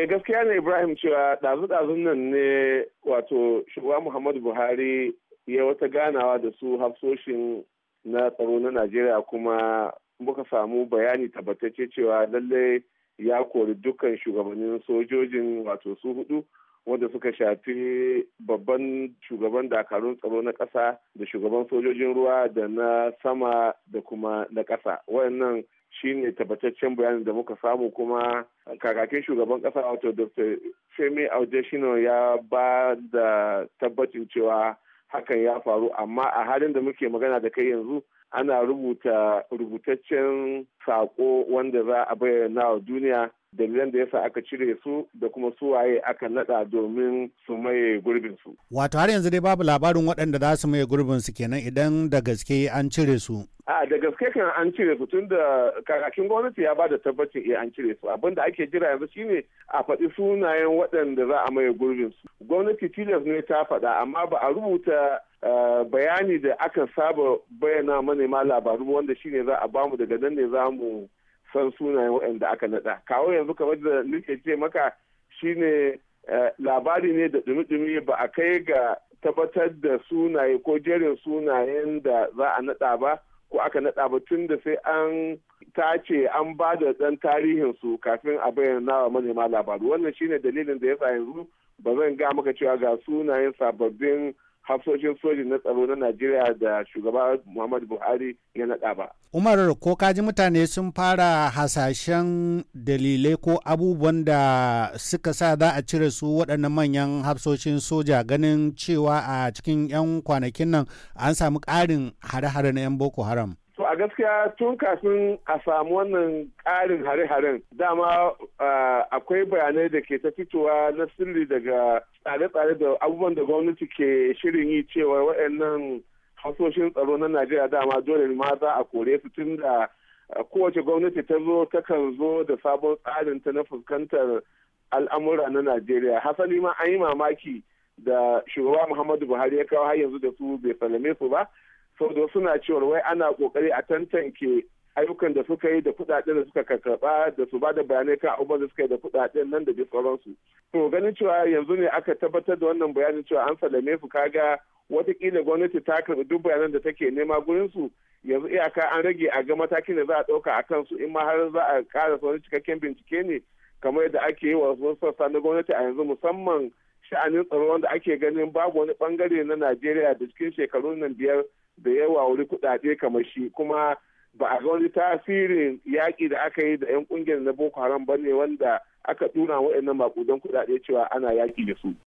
Eh gaskiya ne Ibrahim cewa ɗazu-ɗazun nan ne wato shugaba Muhammadu Buhari ya wata ganawa da su hafsoshin na tsaro na Najeriya kuma muka samu bayani tabbatacce cewa lallai ya kori dukkan shugabannin sojojin wato su hudu wanda suka shafi babban shugaban dakarun tsaro na ƙasa da shugaban sojojin ruwa da na sama da kuma na ƙasa wayannan shine tabbataccen bayanin da muka samu kuma kakakin shugaban ƙasa wato dr femi audeshino ya ba da tabbacin cewa hakan ya faru amma a halin da muke magana da kai yanzu ana rubuta rubutaccen saƙo wanda za a bayyana wa duniya dalilan da yasa aka cire su da kuma su waye aka nada domin su maye gurbin su. Wato har yanzu dai babu labarin waɗanda za su maye gurbin su kenan idan da gaske an cire su. A da gaske kan an cire su tun da kakakin gwamnati ya bada tabbacin eh an cire su abin da ake jira yanzu shine a faɗi sunayen waɗanda za a maye gurbin su. Gwamnati tilas ne ta faɗa amma ba a rubuta eh, bayani da aka saba bayyana manema labaru wanda shine za a bamu daga nan ne za mu san sunayen waɗanda aka naɗa kawo yanzu kamar da nake ce maka shine eh, labari ne da dumi-dumi ba a kai ga tabbatar da sunaye ko jerin sunayen da za a naɗa ba ko aka naɗa ba tun da sai an tace an ba da ɗan tarihin su kafin a bayyana wa manema labaru wannan shine dalilin da ya sa yanzu ba zan ga maka cewa ga sunayen sababbin hafsoshin soji na tsaro na najeriya da shugaba muhammadu buhari ya naɗa ba umar ko kaji mutane sun fara hasashen dalilai ko abubuwan da suka sa za a cire su waɗannan manyan hafsoshin soja ganin cewa a cikin 'yan kwanakin nan an samu ƙarin hare-hare na 'yan boko haram To a gaskiya tun kafin a samu wannan ƙarin hare-haren dama eh, akwai bayanai da ke ta fitowa na sirri daga tsare-tsare da abubuwan da gwamnati ke shirin yi cewa waɗannan hasoshin tsaro na Najeriya dama dole ma za a kore su tun da eh, kowace gwamnati ta zo takan zo da sabon tsarin ta na fuskantar al'amura na Najeriya. Hasali ma an yi mamaki da shugaba Muhammadu Buhari ya kawo har yanzu da su bai salame su ba. saboda suna cewa wai ana kokari a tantance ayyukan da suka yi da kudaden da suka karba da su bada bayanai kan abubuwan da suka yi da kudaden nan da dai sauransu to ganin cewa yanzu ne aka tabbatar da wannan bayanin cewa an salame su kaga watakila gwamnati ta karbi duk bayanan da take nema gurin su yanzu iyaka an rage a ga matakin da za a ɗauka a kansu in ma har za a ƙara wani cikakken bincike ne kamar yadda ake yi wa sassa na gwamnati a yanzu musamman sha'anin tsaro wanda ake ganin babu wani bangare na najeriya da cikin shekarun nan biyar da yawa wuri kudade kamar shi kuma ba a ga wani tasirin yaƙi da aka yi da 'yan ƙungiyar na boko haram ba ne wanda aka tuna waɗannan makudan kudade cewa ana yaƙi da su